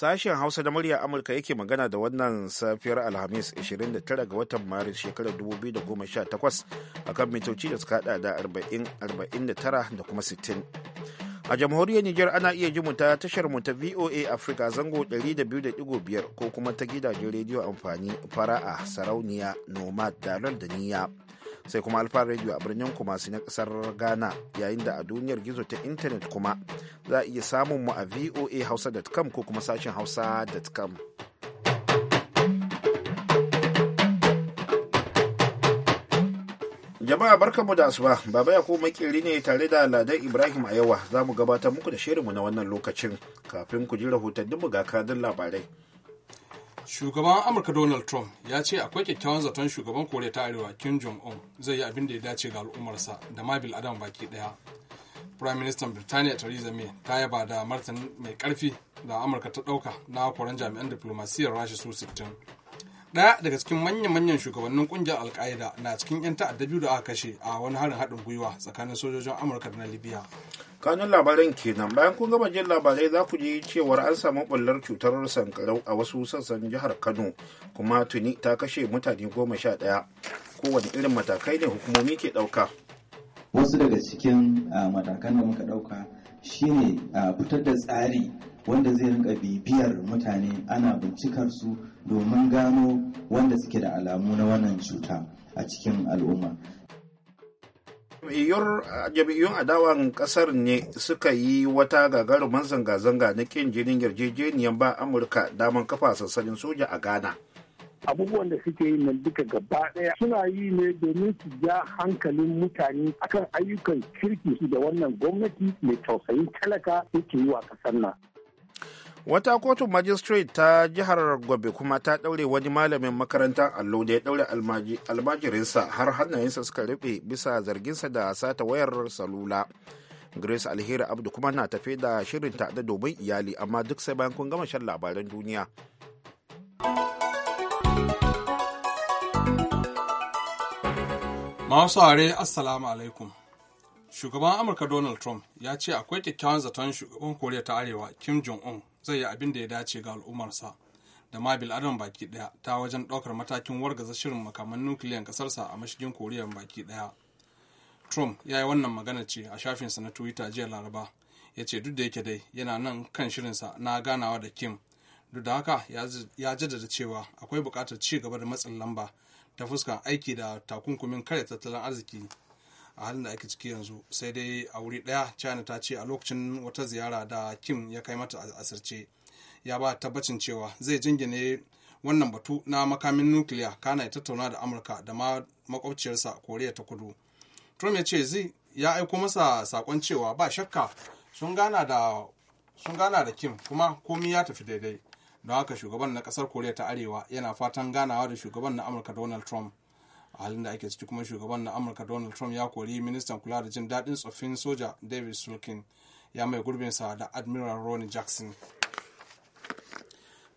Sashen Hausa da murya Amurka yake magana da wannan safiyar Alhamis 29 ga watan Maris shekarar 2018 akan mitoci da suka hada da 49 da kuma 60. A jamhuriyar Nijar ana iya ji mu ta tashar mu ta VOA Africa zango 200.5 ko kuma ta gidajen rediyo amfani fara'a sarauniya nomad dalar da niyya. sai kuma alfa radio a birnin kumasi na kasar ghana yayin da a duniyar gizo ta intanet kuma za a iya samun mu a voa hausa.com ko kuma sashen hausa.com jama'a barkanmu da asuba baba ya kuma makeri ne tare da ladan ibrahim a yawa za mu gabatar muku da shirinmu na wannan lokacin kafin ku ji rahotanninmu ga kadin labarai shugaban amurka donald trump ya ce akwai kyakkyawan zaton shugaban koriya ta arewa kim jong-un zai yi abin da ya dace ga al'ummarsa da ma bil adam baki daya prime minister birtaniya theresa may ta yaba da martani mai karfi da amurka ta dauka na koran jami'an diplomasiyyar rasha su 60 daya daga cikin manya-manyan shugabannin kungiyar alkaida na cikin 'yan ta'adda biyu da aka kashe a wani harin haɗin gwiwa tsakanin sojojin amurka da na libya kanun labaran kenan bayan kun gama jin labarai za ku ji cewar an samu bullar cutar sankarau a wasu sassan jihar kano kuma tuni ta kashe mutane goma sha ɗaya kowane irin matakai ne hukumomi ke ɗauka wasu daga cikin ah, matakan da muka ɗauka shine ah, fitar da tsari wanda zai rinka bibiyar mutane ana bincikar su domin gano wanda suke da alamu na wannan cuta a cikin al'umma jam'iyyun adawan kasar ne suka yi wata gagarumin zanga-zanga na kin jinin yarjejeniyar ba amurka daman kafa sassanin soja a ghana abubuwan da suke yi nan duka gaba daya suna yi ne domin su ja hankalin mutane akan ayyukan kirki da wannan gwamnati mai tausayin talaka yake yi wa kasar nan wata kotun magistrate ta jihar gobe kuma ta daure wani malamin makarantar allo da ya daure almajirinsa har hannayensa suka rufe bisa zarginsa da sata wayar salula grace alheri abdu kuma na tafe da shirinta da domin iyali amma duk sai bayan kun gama shan labaran duniya masu are assalamu alaikum shugaban amurka donald trump ya ce akwai kyakkyawan zaton shugaban koriya ta arewa kim jong-un zai yi abin da ya dace ga al'ummarsa da ma adam baki daya ta wajen ɗaukar matakin wargaza shirin makaman nukiliyan ƙasarsa a mashigin koriya baki daya trump ya yi wannan magana ce a shafinsa na twitter jiya laraba ya ce duk da yake dai yana nan kan shirinsa na ganawa da kim duk da haka ya jaddada cewa akwai bukatar ci gaba da matsin lamba ta fuskar aiki da takunkumin karya tattalin arziki a halin da ake ciki yanzu sai dai a wuri daya china ta ce a lokacin wata ziyara da kim ya kai mata asirce ya ba tabbacin cewa zai jingine wannan batu na makamin nukiliya kana ya tattauna da amurka da ma makwabciyarsa koriya ta kudu trump ya ce zai ya aiko masa sakon cewa ba shakka sun gana da sun gana da kim kuma komi ya tafi daidai don haka shugaban na kasar koriya ta arewa yana fatan ganawa da shugaban na amurka donald trump a halin da ake ciki kuma shugaban na amurka donald trump ya kori ministan kula da jin daɗin tsoffin soja david sulkin ya mai gurbinsa da admiral ronny jackson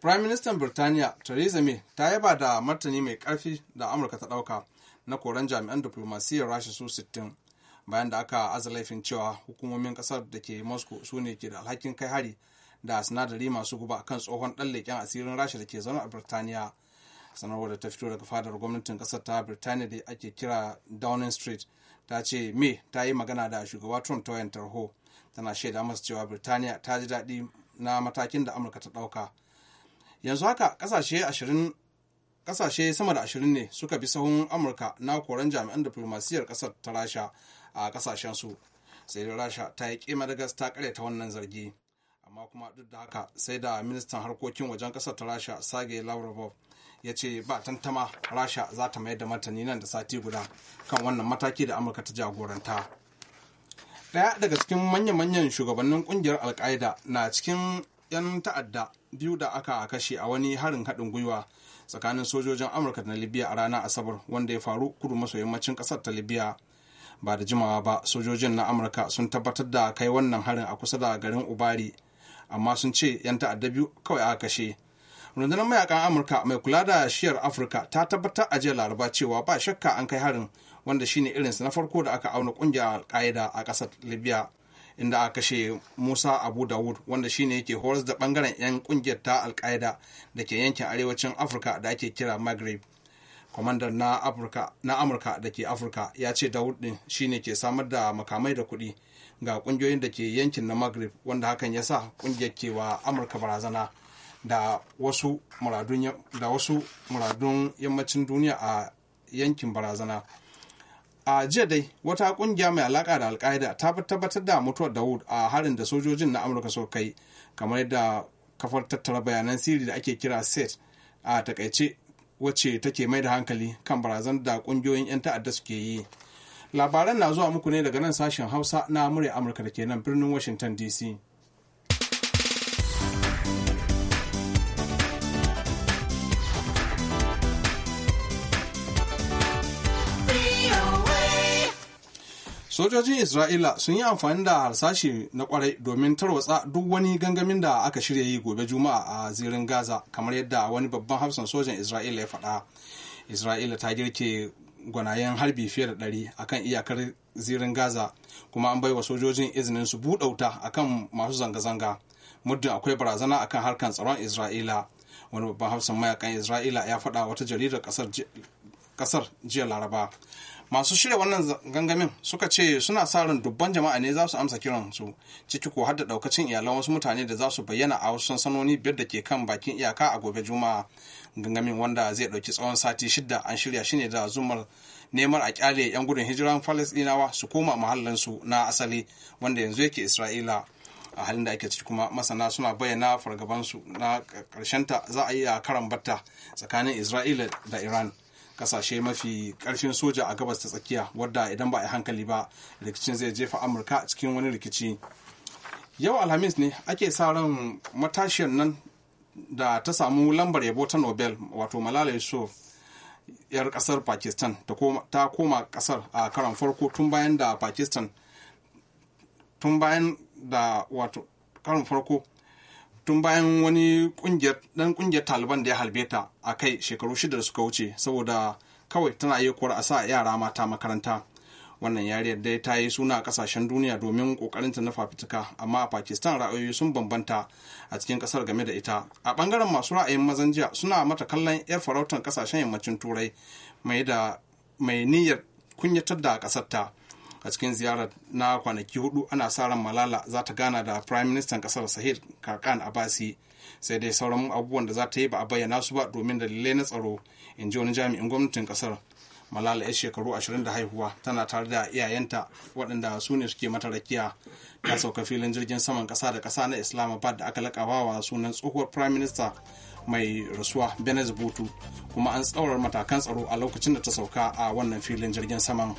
prime minister birtaniya theresa may ta yaba da martani mai karfi da amurka ta ɗauka na koran jami'an diplomasiyyar rasha su 60 bayan da aka aza laifin cewa hukumomin kasar da ke moscow su ne ke da alhakin kai hari da sinadari masu guba kan tsohon ɗan leƙen asirin rasha da ke zaune a birtaniya sanarwar da ta fito daga fadar gwamnatin kasar ta birtaniya da ake kira downing street ta ce me ta yi magana da shugaba trump ta wayan tarho tana shaida masa cewa birtaniya ta ji daɗi na matakin da amurka ta ɗauka yanzu haka ƙasashe sama da ashirin ne suka bi sahun amurka na koran jami'an diflomasiyyar ƙasar ta rasha a su sai da rasha ta yi kima da ta kare ta wannan zargi amma kuma duk da haka sai da ministan harkokin wajen ƙasar ta rasha sage lavrov ya ce ba tantama rasha za ta mayar da martani nan da sati guda kan wannan mataki da amurka ta jagoranta daya daga cikin manya-manyan shugabannin kungiyar alkaida na cikin 'yan ta'adda biyu da aka kashe a wani harin haɗin gwiwa tsakanin sojojin amurka da na libya a ranar asabar wanda ya faru kudu maso yammacin ƙasar ta libya ba da jimawa ba sojojin na amurka sun tabbatar da kai wannan harin a kusa da garin ubari amma sun ce 'yan ta'adda biyu kawai aka kashe rundunar mayakan amurka mai kula da shiyar afirka ta tabbatar a jiya laraba cewa ba shakka an kai harin wanda shine irinsa na farko da aka auna kungiyar al a ƙasar libya inda aka kashe musa abu dawud wanda shine yake horas da bangaren 'yan kungiyar ta al da ke yankin arewacin afirka da ake kira maghreb kwamandan na amurka da ke afirka ya ce dawud din shine ke samar da makamai da kuɗi ga kungiyoyin da ke yankin na maghreb wanda hakan ya sa kungiyar ke wa amurka barazana da wasu muradun yammacin duniya a yankin barazana a jiya dai wata kungiya mai alaka da alkaida ta tabbatar da mutuwar daud a harin da sojojin na amurka suka kai kamar yadda kafar tattara bayanan sirri da ake kira set a takaice wacce take mai da hankali kan barazan da kungiyoyin 'yan ta'adda suke yi labaran na zuwa muku ne daga nan sashen hausa na murya amurka da ke nan birnin washington dc sojojin isra'ila sun yi amfani da harsashi na kwarai domin tarwatsa duk wani gangamin da aka shirya yi gobe juma'a a zirin gaza kamar yadda wani babban hafsan sojan isra'ila ya faɗa isra'ila ta girke gwanayen harbi fiye da ɗari akan iyakar zirin gaza kuma an baiwa sojojin izinin su buɗe wuta akan masu zanga-zanga muddin akwai barazana akan harkan tsaron isra'ila wani babban hafsan mayakan isra'ila ya faɗa wata jaridar ƙasar jiya laraba masu shirya wannan gangamin suka ce suna sa ran dubban jama'a ne za su amsa kiran su ciki ko har da daukacin iyalan wasu mutane da za su bayyana a wasu sansanoni biyar da ke kan bakin iyaka a gobe juma'a gangamin wanda zai dauki tsawon sati shida an shirya shi ne da zumar neman a kyale yan gudun hijiran falasdinawa su koma su na asali wanda yanzu yake isra'ila a halin da ake ciki kuma masana suna bayyana fargabansu na karshen ta za a yi a karan batta tsakanin isra'ila da iran kasashe mafi karfin soja a gabas ta tsakiya wadda idan ba a hankali ba rikicin zai jefa amurka cikin wani rikici yau alhamis ne ake sa ran matashiyar nan da ta samu lambar yabo ta nobel wato malala yusuf yar kasar pakistan ta koma kasar a karan farko tun bayan da pakistan tun bayan da wato karan farko tun bayan wani dan kungiyar taliban da ya halbe ta a kai shekaru shida da suka wuce saboda kawai tana iya kuwar a sa yara mata makaranta wannan yariyar dai ta yi suna a kasashen duniya domin ta na fafituka amma a pakistan ra'ayoyi sun bambanta a cikin kasar game da ita a bangaren masu ra'ayin mazan jiya suna mata kallon yar farautar kasashen yammacin turai mai niyyar kunyatar da kasar ta a cikin ziyarar na kwanaki hudu ana sa ran malala za ta gana da prime minister kasar sahid kakan abasi sai dai sauran abubuwan da za ta yi ba a bayyana su ba domin dalilai na tsaro in ji wani jami'in gwamnatin kasar malala ya shekaru ashirin da haihuwa tana tare da iyayenta waɗanda su ne suke mata rakiya ta sauka filin jirgin saman ƙasa da kasa na islamabad da aka lakawa wa sunan tsohuwar prime minister mai rasuwa benez butu kuma an tsaurar matakan tsaro a lokacin da ta sauka a wannan filin jirgin saman.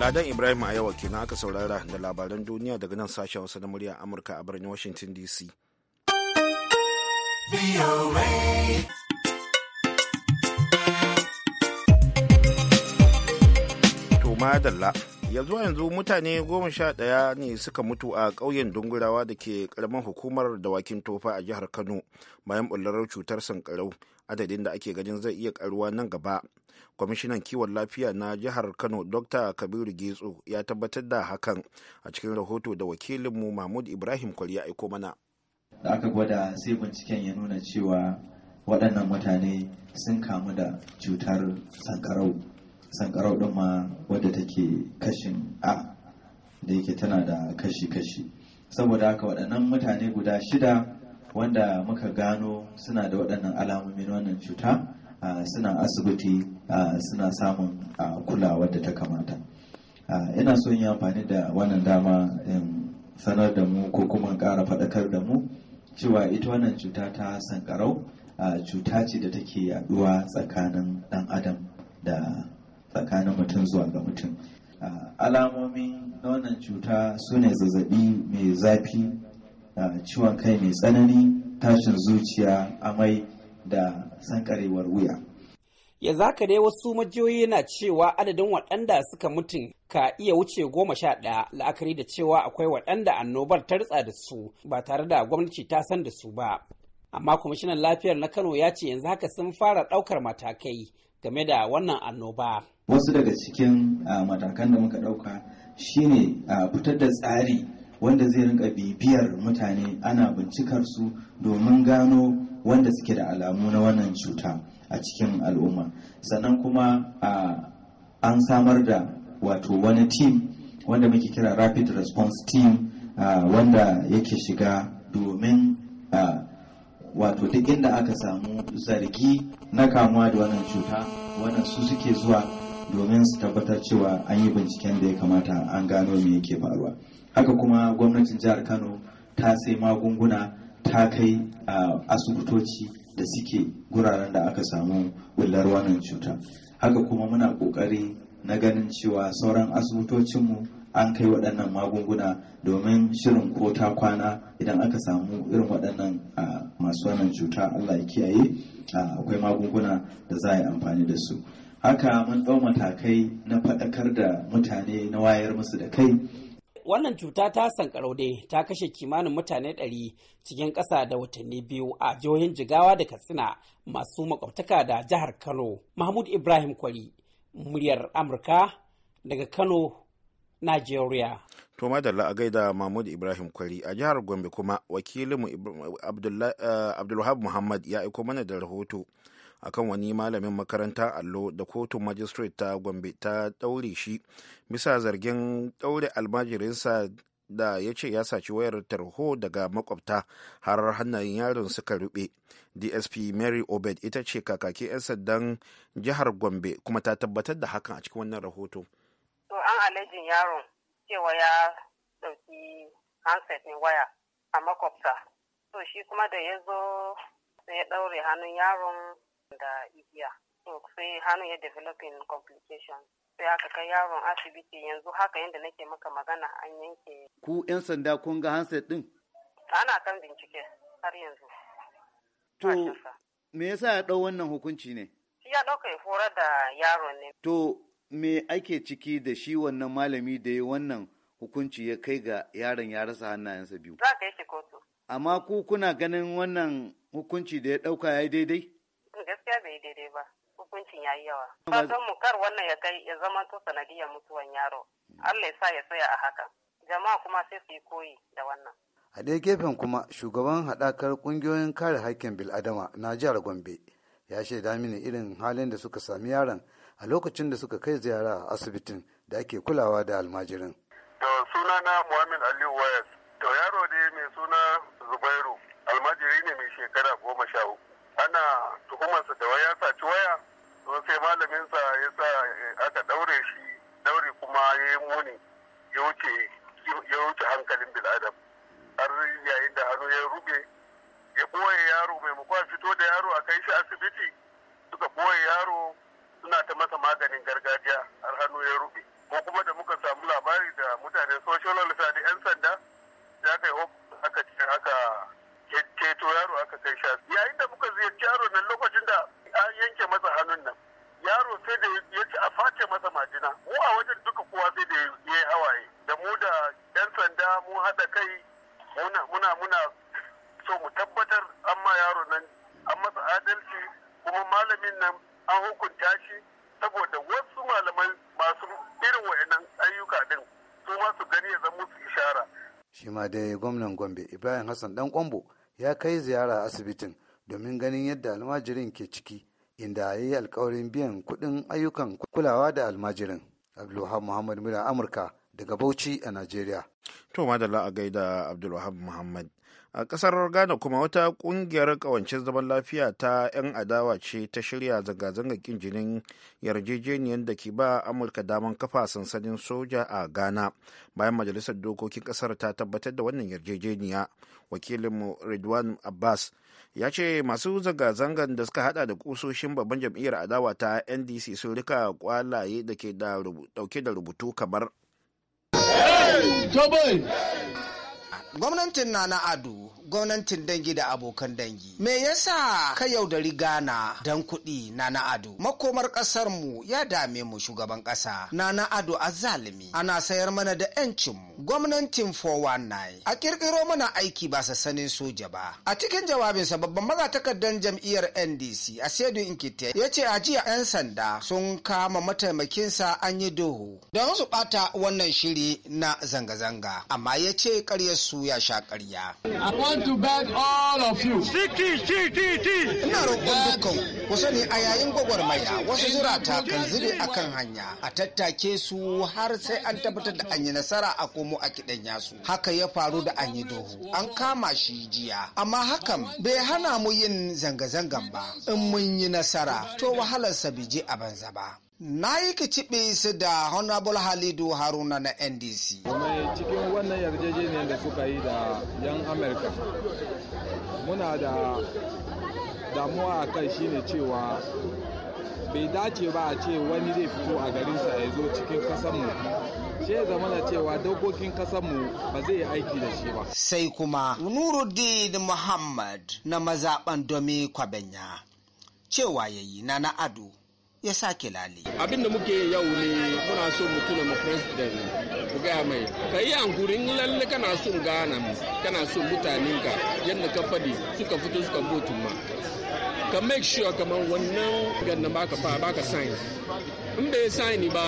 Ladan Ibrahim a yawa kenan aka saurara da labaran duniya daga nan sashen wasu na murya Amurka a birnin Washington DC. To madalla yanzu yanzu mutane goma sha ɗaya ne suka mutu a ƙauyen dungurawa da ke ƙaramin hukumar dawakin tofa a jihar kano bayan ɓullar cutar sankarau adadin da ake ganin zai iya ƙaruwa nan gaba kwamishinan kiwon lafiya na jihar kano dr kabiru getso ya tabbatar da hakan a cikin rahoto da wakilinmu mahmud ibrahim kwari ya aiko mana da aka gwada sai binciken ya nuna cewa waɗannan mutane sun kamu da cutar sankarau sankarau ɗin ma wadda take kashin a da yake tana da kashi-kashi saboda haka waɗannan mutane guda shida wanda muka gano suna da waɗannan alamomin wannan cuta suna asibiti suna samun kulawa da ta kamata ina son yi amfani da wannan dama in sanar da mu ko kuma ƙara faɗakar da mu cewa ita wannan cuta ta sankarau cuta ce da take yaɗuwa tsakanin ɗan adam da tsakanin mutum zuwa ga mutum alamomin wannan cuta su ne zazzabi mai zafi ciwon kai mai tsanani tashin zuciya amai da sankarewar wuya ya zaka dai wasu majiyoyi na cewa adadin waɗanda suka mutum ka iya wuce goma sha ɗaya la'akari da cewa akwai waɗanda annobar ta ritsa da su ba tare da gwamnati ta san da su ba amma kwamishinan lafiyar na kano ya ce yanzu haka sun fara ɗaukar matakai game da wannan annoba. Wasu daga cikin ah, matakan da muka ɗauka ne ah, fitar da tsari wanda zai rinka bibiyar mutane ana bincikar su domin gano wanda suke da alamu na wannan cuta a cikin al'umma sannan kuma ah, an samar da wato wani team wanda muke kira rapid response team wanda yake shiga domin wato duk inda aka samu zargi na kamuwa da wannan cuta wannan su suke zuwa domin su tabbatar cewa an yi binciken da ya kamata an gano me yake faruwa haka kuma gwamnatin jihar kano ta sai magunguna ta kai asibitoci da suke guraren da aka samu bullar wannan cuta haka kuma muna ƙoƙari na ganin cewa sauran asibitocinmu an kai waɗannan magunguna domin shirin ko ta kwana idan aka samu irin waɗannan masu wannan cuta allah ya kiyaye akwai magunguna da za a yi amfani da su haka mun ɗau matakai na faɗakar da mutane na wayar musu da kai wannan cuta ta sankarau dai ta kashe kimanin mutane ɗari cikin ƙasa da watanni biyu a jihohin jigawa da katsina masu makwabtaka da jihar kano mahmud ibrahim kwari muryar amurka daga kano Najeriya. To madalla a gaida Mahmud Ibrahim Kwari a jihar Gombe kuma wakilinmu eh, Abdulwahab Muhammad ya aiko mana da rahoto akan wani malamin makaranta allo da kotun magistrate ta Gombe ta ɗaure shi bisa zargin ɗaure almajirinsa da ya ce ya saci wayar tarho daga makwabta har hannayen yaron suka rube dsp mary obed ita ce kakaki 'yan sandan jihar gombe kuma ta tabbatar da hakan a cikin wannan rahoto alejin yaron cewa ya ɗauki handset ne waya a makwabta to shi kuma da ya zo sai ya ɗaure hannun yaron da igiya so sai hannun ya developing complications sai aka kai yaron asibiti yanzu haka yadda nake maka magana an yanke ku 'yan sanda kun ga handset ana kan bincike har yanzu to me yasa ya dau wannan hukunci ne ya ɗauka horar da yaron ne to me ake ciki da shi wannan malami da ya wannan hukunci ya kai ga yaron ya rasa hannayensa biyu. Za ka yake kotu. Amma ku kuna ganin wannan hukunci da ya ɗauka ya yi daidai? Eh, gaskiya bai daidai ba. Hukuncin ya yi yawa. Fatan mu kar wannan ya kai ya zama to sanadiyar mutuwan yaro. Hmm. Allah ya sa ya tsaya a haka. Jama'a kuma sai su yi koyi da wannan. A ɗaya gefen kuma shugaban haɗakar ƙungiyoyin kare haƙƙin bil'adama na jihar Gombe ya shaida mini irin halin da suka sami yaron a lokacin da suka kai ziyara a asibitin da ake kulawa da almajirin. To na Muhammad Aliyu Wayas, to yaro ne mai suna Zubairu, almajiri ne mai shekara goma sha uku. Ana tuhumarsa da waya saci waya, to sai malaminsa ya sa eh, aka ɗaure shi, daure kuma ya yi muni ya wuce hankalin bil'adam. Har yayin da hannu ya rube, ya ɓoye yaro maimakon fito da yaro a kai shi asibiti, suka ɓoye yaro suna ta masa maganin gargajiya har hannu ya rufe ko kuma da muka samu labari da mutane social welfare da 'yan sanda Ya kai yi aka ce aka ceto yaro aka kai sha yayin da muka ziyarci yaro nan lokacin da an yanke masa hannun nan yaro sai da ya ci a face masa majina mu a wajen duka kowa sai da ya yi hawaye da mu da 'yan sanda mu haɗa kai muna muna muna so mu tabbatar amma yaro nan an masa adalci kuma malamin nan an hukunta shi saboda wasu malamai masu irin wa'annan ayyuka din su ma su gani ya zama musu ishara. shi ma dai gwamnan gombe ibrahim hassan dan kwambo ya kai ziyara asibitin domin ganin yadda almajirin ke ciki inda ya yi alkawarin biyan kuɗin ayyukan kulawa da almajirin abdulhamid muhammad mura amurka daga Bauchi a Najeriya. To madalla a gaida Abdulwahab Muhammad. A ƙasar Ghana kuma wata kungiyar ƙawancin zaman lafiya ta 'yan adawa ce ta shirya zanga-zanga kin jinin yarjejeniyar da ke ba Amurka daman kafa sansanin soja a Ghana bayan majalisar dokokin ƙasar ta tabbatar da wannan yarjejeniya. Wakilinmu Ridwan Abbas ya ce masu zanga-zangan da suka hada da kusoshin babban jam'iyyar adawa ta NDC sun rika kwalaye da ke dauke da rubutu kamar Gwamnatin na na Ado gwamnatin dangi da abokan dangi. Me yasa ka yaudari Ghana don kuɗi na na'adu? Makomar ƙasar mu ya dame mu shugaban ƙasa. Na na'adu a zalimi. Ana sayar mana da 'yancin mu. Gwamnatin 419 a ƙirƙiro mana aiki ba sanin soja ba. A cikin jawabinsa babban magatakardar jam'iyyar NDC a Sedu Inkite ya ce a jiya 'yan sanda sun kama mataimakinsa an yi doho don su ɓata wannan shiri na zanga-zanga amma ya ce su ya sha ƙarya. to beg all of you. Ina roƙon dukkan ku sani a yayin gwagwarmaya wasu zurata kan zube a kan hanya a tattake su har sai an tabbatar da an yi nasara a komo a kiɗan yasu. Haka ya faru da an yi dohu. An kama shi jiya. Amma hakan bai hana mu yin zanga-zangan ba. In mun yi nasara to wahalar bai je a banza ba. na yi kicibe su da honorable halidu haruna na ndc mai cikin wannan yarjejeniyar da suka yi da yan amurka muna da damuwa a kai shine cewa bai dace ba a ce wani zai fito a garinsa ya zo cikin kasanmu sai ya zamana cewa dokokin kasanmu ba zai yi aiki da shi ba. Sai kuma Nuruddin Muhammad na mazaɓan Domi Kwabenya cewa yayi na na ado ya sake lale. Abin da muke yau ne muna so mu tuna mu president ku gaya mai ka yi hankurin lalle kana son gana mu kana son mutanen ka yadda ka fadi suka fito suka vote ma ka make sure kamar wannan ba baka fa baka sign in bai sign ba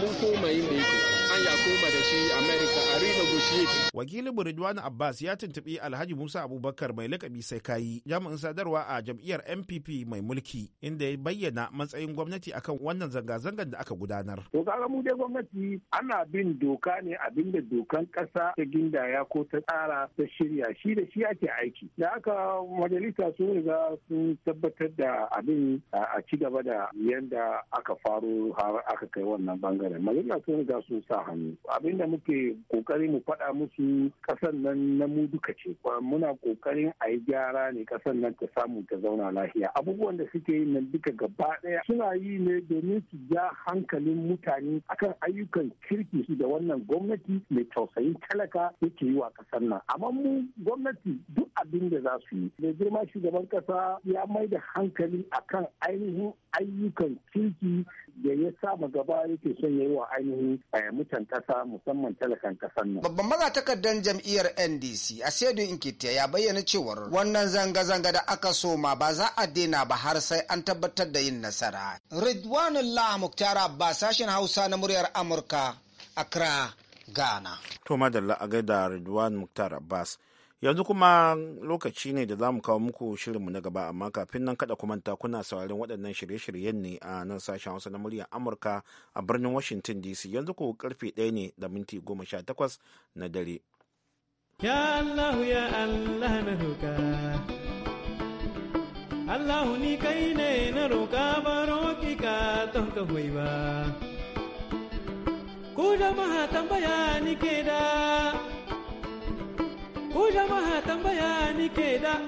mun koma yin da yake an ya koma da shi America a renegotiate. Wakilin Buridwan Abbas ya tuntubi Alhaji Musa Abubakar mai lakabi sai kayi jami'in sadarwa a jam'iyyar NPP mai mulki inda ya bayyana matsayin gwamnati akan wannan zanga-zangar da aka gudanar. To kaga mu dai gwamnati ana bin doka ne abinda dokan kasa ta gindaya ko ta tsara ta shirya shi da shi ake aiki. Da haka majalisa sun riga sun tabbatar da abin a ci gaba da yadda aka faro har aka kai wannan bangaren. Majalisa sun riga sun sa hannu abin da muke kokari mu faɗa musu ƙasan nan na mu duka ce muna kokarin a yi gyara ne ƙasan nan ta samu ta zauna lafiya abubuwan da suke yi nan duka gaba ɗaya suna yi ne domin su ja hankalin mutane akan ayyukan kirki su da wannan gwamnati mai tausayin talaka yake yi wa ƙasar nan amma mu gwamnati duk abin da za su yi mai girma shugaban ƙasa ya mai da hankali akan ainihin ayyukan kirki da ya ma gaba yake son yi wa ainihin eh, mutan kasa musamman talakan kasan nan. Babban magatakardar jam'iyyar NDC a Sedu Inkitiya ya bayyana cewar wannan zanga-zanga da aka soma ba za a daina ba har sai an tabbatar da yin nasara. Ridwanullah Muktar Abbas sashen Hausa na muryar Amurka, Accra, Ghana. To madalla a gaida Ridwan Muktar Abbas. yanzu kuma lokaci ne da za mu kawo muku shirinmu na gaba amma kafin nan kada kumanta kuna saurin waɗannan shirye-shiryen ne a nan sashen hausa na muryar amurka a birnin washington dc yanzu ku karfe ɗaya ne da minti goma sha takwas na dare ya allah ya allah na roka allah ni kai ne na roka ba ka ton ka hoyi ba ku jama'a tambaya ni ke da Ku jama'a tambaya ni ke da.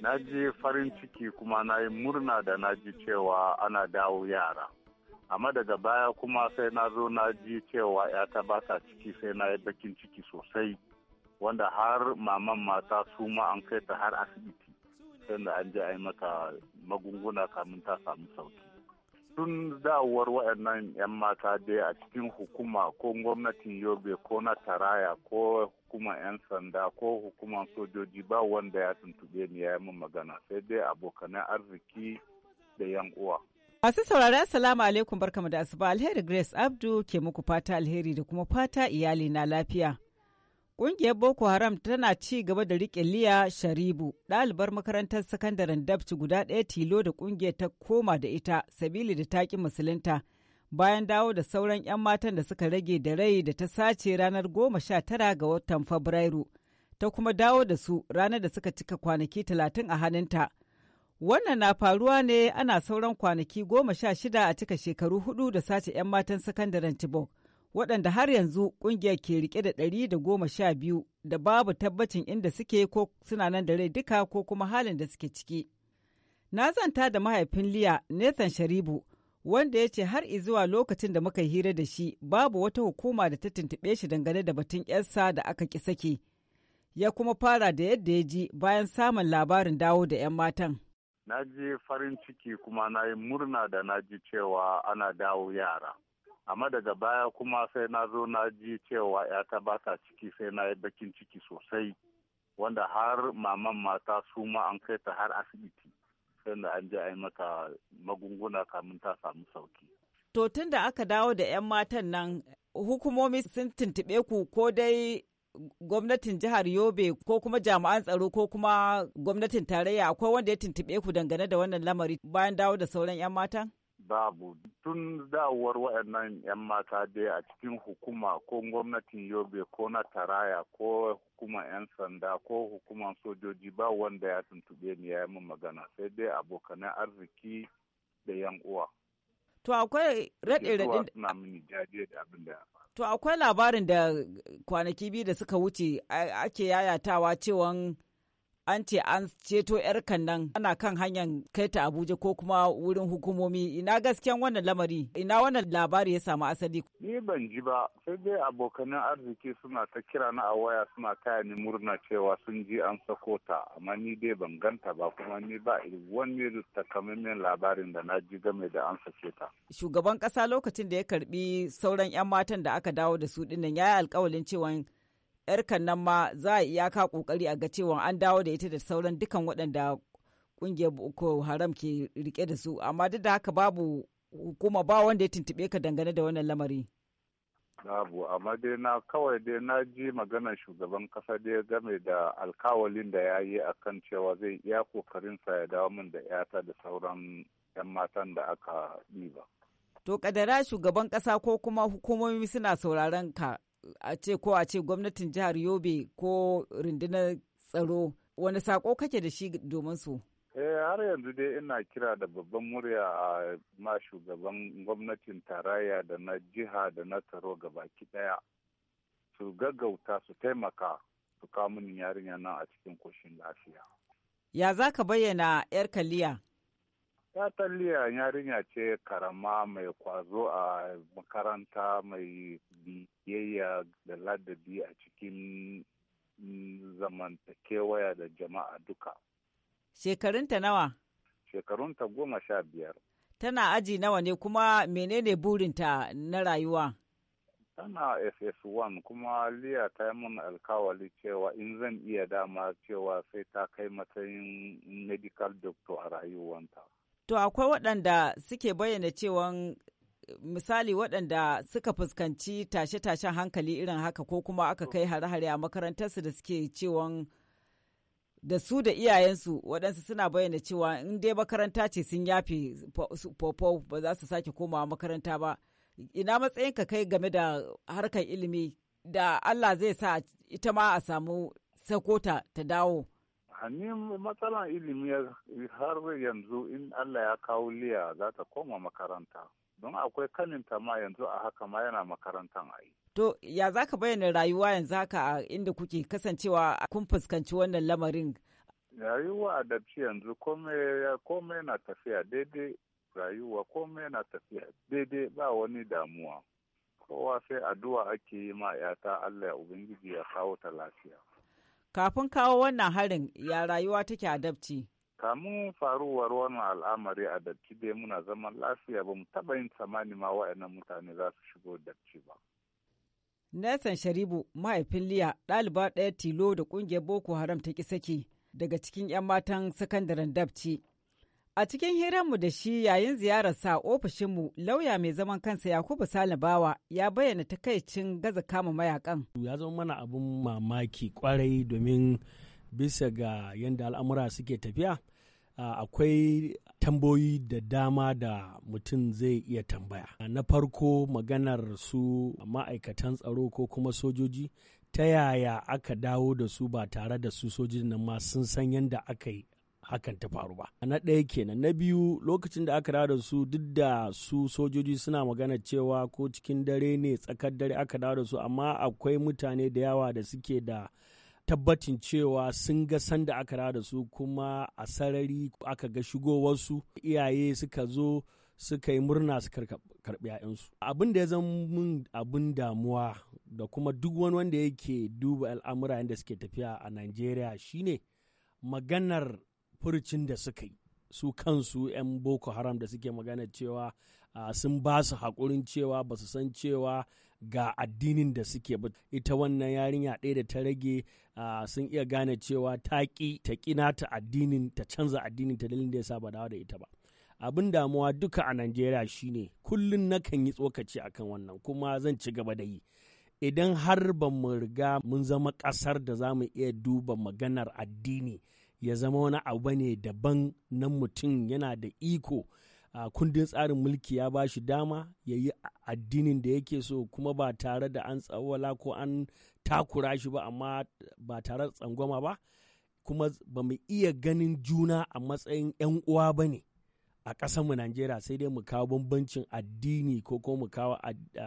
Na je farin ciki kuma na yi murna da na ji cewa ana dawo yara. Amma daga baya kuma sai na zo na ji cewa ya ta ta ciki sai na yi bakin ciki sosai, wanda har maman mata su ma an kai ta har asibiti, sai da an je a yi maka magunguna kamin ta samu sauki. tun dawar waɗannan 'yan mata dai a cikin hukuma ko gwamnatin yobe ko na taraya ko hukumar 'yan sanda ko hukuman sojoji ba wanda ya tuntube ni ya yi min magana sai dai abokanan arziki da 'yan uwa. Masu sauraron salamu alaikum barkamu da asuba alheri Grace Abdu ke muku fata alheri da kuma fata iyali na lafiya. Ƙungiyar Boko Haram tana ci gaba da riƙe Liya Sharibu, ɗalibar makarantar sakandaren Dabci guda ɗaya tilo da ƙungiyar ta koma da ita, sabili da taƙi musulunta. Bayan dawo da sauran 'yan matan da suka rage da rai da ta sace ranar goma sha tara ga watan Fabrairu, ta kuma dawo da su ranar da suka cika kwanaki talatin a hannunta. Wannan na faruwa ne ana sauran kwanaki goma sha shida a cika shekaru hudu da sace 'yan matan sakandaren Chibok. waɗanda har yanzu ƙungiyar ke rike da ɗari da goma sha biyu da babu tabbacin inda suke ko suna nan da rai duka ko kuma halin da suke ciki. Na zanta da mahaifin Liya Nathan Sharibu wanda ya ce har izuwa lokacin da muka hira da shi babu wata hukuma da ta tuntuɓe shi dangane da batun yarsa da aka ki sake Ya kuma fara da yadda ya ji bayan samun labarin dawo da 'yan matan. Na je farin ciki kuma na yi murna da na ji cewa ana dawo yara. amma daga baya kuma sai na zo na ji cewa yata ba ta ciki sai na yi bakin ciki sosai wanda har maman mata su ma an kai ta har asibiti sai da an je a yi mata magunguna kamin ta samu sauki to tun da aka dawo da 'yan matan nan hukumomi sun tuntuɓe ku ko dai gwamnatin jihar Yobe ko kuma jami'an tsaro ko kuma gwamnatin tarayya akwai wanda ya tuntuɓe ku dangane da wannan lamari bayan dawo da sauran 'yan matan? babu tun dawowar waɗannan 'yan mata dai a cikin hukuma ko gwamnatin yobe ko na taraya ko hukuma 'yan sanda ko hukuma sojoji ba wanda ya tuntube ni ya yi min magana sai dai abokanan arziki da 'yan uwa. To akwai raɗe To akwai labarin da kwanaki biyu da suka wuce ake yayatawa cewan an ce an ceto 'yar nan ana kan hanyar kai ta Abuja ko kuma wurin hukumomi ina gasken wannan lamari ina wannan labari ya samu asali. Ni ban ji ba sai dai abokanan arziki suna ta kira na a waya suna kaya ni murna cewa sun ji an sako ta amma ni dai ban ganta ba kuma ni ba wani takamaiman labarin da na ji game da an sake ta. Shugaban kasa lokacin da ya karbi sauran 'yan matan da aka dawo da su dinnan ya yi alkawalin cewa yarkan nan ma za a iyaka kokari a ga cewa an dawo da ita da sauran dukan waɗanda kungiyar boko haram ke rike da su amma duk da haka babu hukuma ba wanda ya tuntube ka dangane da wannan lamari babu amma dai na kawai dai na ji maganar shugaban kasa dai game da alkawalin da ya yi akan cewa zai iya kokarin sa ya dawo min da 'yata da sauran 'yan matan da aka ɗiba. To kadara shugaban kasa ko kuma hukumomi suna sauraron ka a ce ko a ce gwamnatin jihar Yobe ko rundunar tsaro wani sako kake da shi domin su? Eh har yanzu dai ina kira da babban murya a ma shugaban gwamnatin tarayya da na jiha da na tsaro gabaki daya su gaggauta su taimaka su kamun yarinya nan a cikin koshin lafiya. Ya za ka bayyana 'yar kaliya? Fatan liya yarinya ce karama mai kwazo a makaranta mai biyayya da ladabi a cikin zamantakewaya da jama'a duka. Shekarunta nawa? Shekarunta goma sha biyar. Tana aji nawa ne kuma menene burinta na rayuwa? Tana SS1 kuma Liya ta yi mun alkawali cewa in zan iya dama cewa sai ta kai matsayin medical doctor a rayuwanta. To akwai waɗanda suke bayyana cewa misali waɗanda suka fuskanci tashe-tashen hankali irin haka ko kuma aka kai hare-hare a makarantarsu da suke cewa da su da iyayensu waɗansu suna bayyana cewa in dai makaranta ce sun yafe popo ba za su sake komawa makaranta ba ina matsayin ka kai game da harkar ilimi da Allah zai sa ita ma a samu sakota ta dawo ni matsalan ilimi har yanzu in Allah ya kawo liya za ta koma makaranta don akwai kaninta ma yanzu a haka ma yana makarantan a To ya za ka bayyana rayuwa yanzu haka a inda kuke kasancewa kun fuskanci wannan lamarin? Rayuwa a dabci yanzu komai na tafiya daidai rayuwa kome na tafiya daidai ba wani damuwa. Kowa sai addu'a ake yi ma 'yata Allah ya Ubangiji ya kawo ta lafiya. Kafin kawo wannan harin ya rayuwa take adabci Kamun faruwar wannan al'amari a dabci dai muna zaman lafiya ba mu taɓa yin tsammani ma wa'annan mutane za su shigo dabci ba. Nelson Sharibu mahaifin Liya ɗaliba ɗaya tilo da ƙungiyar Boko Haram ta ƙi saki daga cikin 'yan matan sakandaren dabci A cikin hiranmu da shi yayin ziyararsa ofishinmu lauya mai zaman kansa Yakubu Salibawa ya bayyana takaicin gaza kama mayakan. Ya zama mana abin mamaki kwarai domin bisa ga yadda al'amura suke tafiya akwai tambayoyi da dama da mutum zai iya tambaya. Na farko maganar su ma'aikatan tsaro ko kuma sojoji ta yaya aka dawo da su ba tare da su sojin nan ma sun san yadda aka yi hakan ta faru ba na ɗaya kenan na biyu lokacin da aka dawo da su duk da su sojoji suna magana cewa ko cikin dare ne tsakar dare aka dawo da su amma akwai mutane da yawa da suke da tabbacin cewa sun ga sanda aka dawo da su kuma a sarari aka ga shigowarsu iyaye suka zo suka yi murna su karɓi ‘ya'yansu. Abin da ya zama mun abin damuwa da kuma duk wani wanda yake duba al'amura yadda suke tafiya a Najeriya shine maganar furcin da suka yi su kansu 'yan boko haram da suke magana cewa sun ba su haƙurin cewa ba su san cewa ga addinin da suke ba ita wannan yarinya ɗaya da ta rage sun iya gane cewa ta ƙi ta ƙina ta addinin ta canza addinin ta dalilin da ya sa ba da ita ba abin damuwa duka a najeriya shine kullum na kan yi tsokaci akan wannan kuma zan ci gaba da yi idan har ba mu riga mun zama ƙasar da za mu iya duba maganar addini ya zama wani abu ne daban na mutum yana da iko a kundin tsarin mulki ya ba shi dama ya yi addinin da yake so kuma ba tare da an tsawala ko an takura shi ba amma ba tare da tsangwama ba kuma ba mu iya ganin juna a matsayin 'yan uwa ba ne a mu Najeriya sai dai mu kawo bambancin addini ko ko mu kawo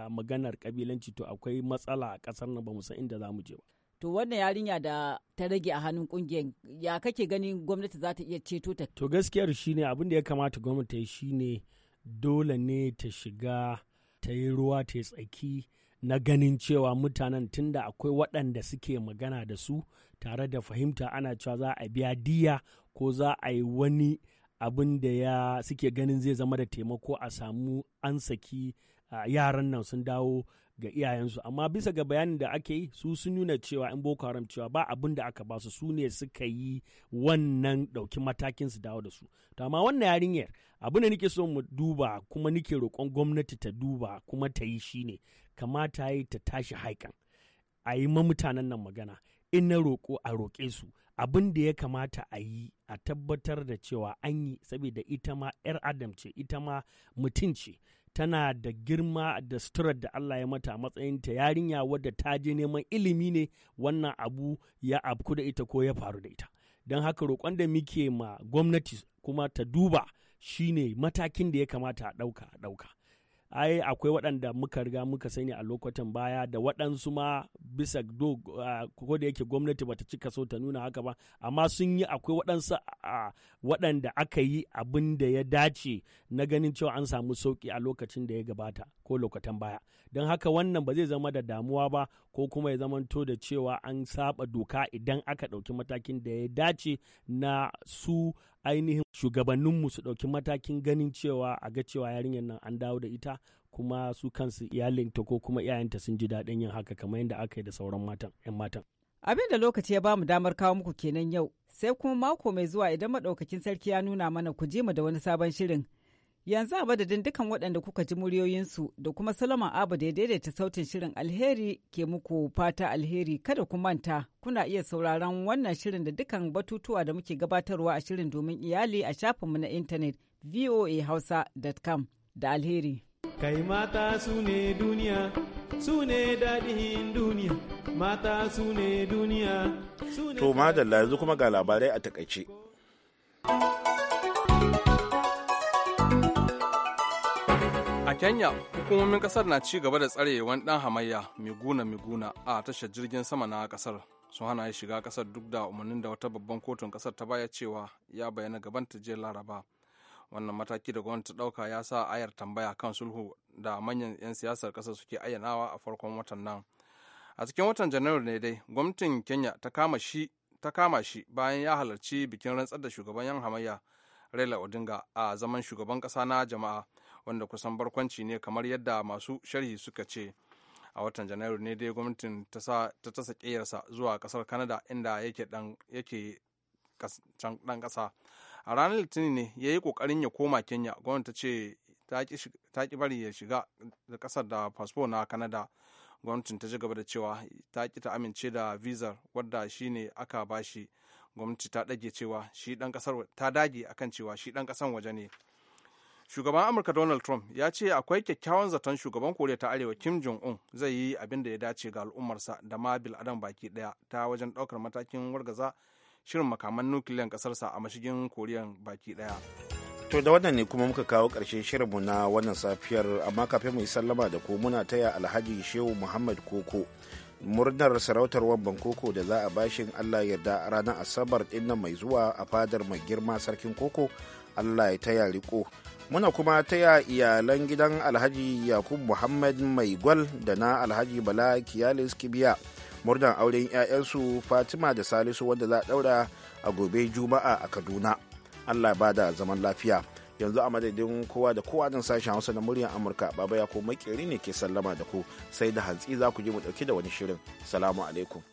maganar kabilanci to akwai matsala a ƙasar nan ba mu san inda za mu je ba. to wannan yarinya da ta rage a hannun kungiyar ya kake ganin gwamnati za ta iya ceto ta to gaskiyar shine abin da ya kamata gwamnati ta yi shine dole ne ta shiga ta yi ruwa ta yi tsaki na ganin cewa mutanen tunda akwai waɗanda suke magana da su tare da fahimta ana cewa za a biya diya ko za a yi wani abin da ya suke ganin zai zama da taimako a samu an saki yaran nan sun dawo ga iyayensu amma bisa ga bayanin da ake yi su sun nuna cewa in boko haram cewa ba abin da aka basu su ne suka yi wannan ɗauki matakin su dawo da su to amma wannan yarinyar abin da nake so mu duba kuma nake roƙon gwamnati ta duba kuma ta yi shine kamata yi ta tashi haikan a yi ma mutanen nan magana in na roƙo a roƙe su abin da ya kamata a yi a tabbatar da cewa an yi saboda ita ma 'yar adam ce ita ma mutum ce tana da girma da suturar da Allah ya mata matsayin ta yarinya wadda ta je neman ilimi ne wannan abu ya abku da ita ko ya faru da ita don haka roƙon da muke ma gwamnati kuma ta duba shine matakin da ya kamata a ɗauka a ɗauka ai akwai waɗanda muka riga muka sani a lokutan baya da waɗansu ma bisa do ko da yake gwamnati bata cika so ta nuna haka ba amma sun yi akwai waɗansu waɗanda aka yi abin da ya dace na ganin cewa an samu sauki a lokacin da ya gabata ko lokutan baya don haka wannan ba zai zama da damuwa ba ko kuma ya zamanto da cewa an saba doka idan aka ɗauki matakin da ya dace na su ainihin shugabanninmu su ɗauki matakin ganin cewa a ga cewa yarinyar nan an dawo da ita kuma su kansu iyalinta ko kuma iyayenta sun ji daɗin yin haka kamar yadda aka yi da sauran matan 'yan matan. Abin da lokaci ya ba mu damar kawo muku kenan yau sai kuma mako mai zuwa idan maɗaukakin sarki ya nuna mana ku je mu da wani sabon shirin. Yanzu a madadin dukan waɗanda kuka ji muryoyinsu da kuma Salama Abu da ya daidaita sautin shirin alheri ke muku fata alheri kada ku manta kuna iya sauraron wannan shirin da dukan batutuwa da muke gabatarwa a shirin domin iyali a shafinmu na intanet voahausa.com da alheri. Kai mata su ne duniya, su ne daɗin duniya, mata su ne duniya. To madalla yanzu kuma ga labarai a takaice. A Kenya, hukumomin kasar na ci gaba da tsarewan dan hamayya Miguna Miguna a tashar jirgin sama na kasar. Sun hana ya shiga kasar duk da umarnin da wata babban kotun kasar ta baya cewa ya bayyana gaban jiya Laraba. Wannan mataki da gwamnati ta ɗauka ya sa ayar tambaya kan sulhu da manyan 'yan siyasar kasar suke ayyanawa a farkon watan nan. A cikin watan Janairu ne dai, gwamnatin Kenya ta kama shi ta kama shi bayan ya halarci bikin rantsar da shugaban yan hamayya Raila Odinga a zaman shugaban ƙasa na jama'a wanda kusan barkwanci ne kamar yadda masu sharhi suka ce a watan janairu ne dai gwamnatin ta tasa ƙeyarsa zuwa kasar kanada inda yake dan ƙasa a ranar litinin ne ya yi ƙoƙarin ya koma kenya gwamnati ta ce ta ki bari ya shiga da ƙasar da fasfo na kanada gwamnatin ta ji gaba da cewa ta ki ta amince da vizar wadda shi ne aka bashi gwamnati ta dage cewa shi dan kasar ta dage akan cewa shi dan kasan waje ne shugaban amurka donald trump ya ce akwai kyakkyawan zaton shugaban koriya ta arewa kim jong un zai yi abin da ya dace ga al'ummarsa da ma bil adam baki daya ta wajen daukar matakin wargaza shirin makaman nukiliyan kasarsa a mashigin koriya baki daya to da wannan ne kuma muka kawo ƙarshen shirinmu na wannan safiyar amma kafin mu yi sallama da ku muna taya alhaji shehu muhammad koko murnar sarautar wamban koko da za a bashin allah yarda ranar asabar ɗin mai zuwa a fadar mai girma sarkin koko allah ya taya riko muna kuma taya iyalan gidan alhaji yakubu muhammad mai gwal da na alhaji bala kiyalis kibiya murnar auren 'ya'yansu fatima da salisu wanda za a daura a gobe juma'a a kaduna allah ba da zaman lafiya yanzu a madadin kowa da kowa don sashen hausa na muryar amurka baba ya ko makeri ne ke sallama da ku sai da hantsi za ku je mu dauke da wani shirin salamu alaikum